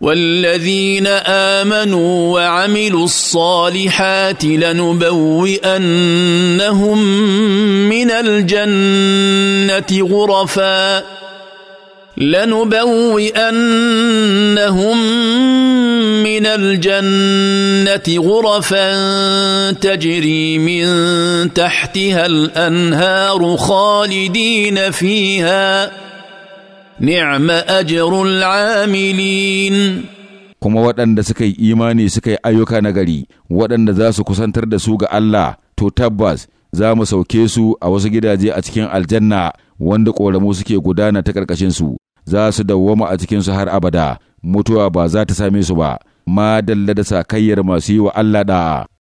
والذين امنوا وعملوا الصالحات لنبوئنهم من الجنه غرفا لنبوئنهم من الجنه غرفا تجري من تحتها الانهار خالدين فيها نعم أجر العاملين kuma waɗanda suka yi imani suka yi ayyuka na gari, waɗanda za su kusantar da su ga Allah to tabbas za mu sauke su a wasu gidaje a cikin aljanna wanda ƙoramu suke gudana ta ƙarƙashinsu za su dawwama a cikin su har abada mutuwa ba za ta same su ba ma dalla da sakayyar masu yi wa Allah da'a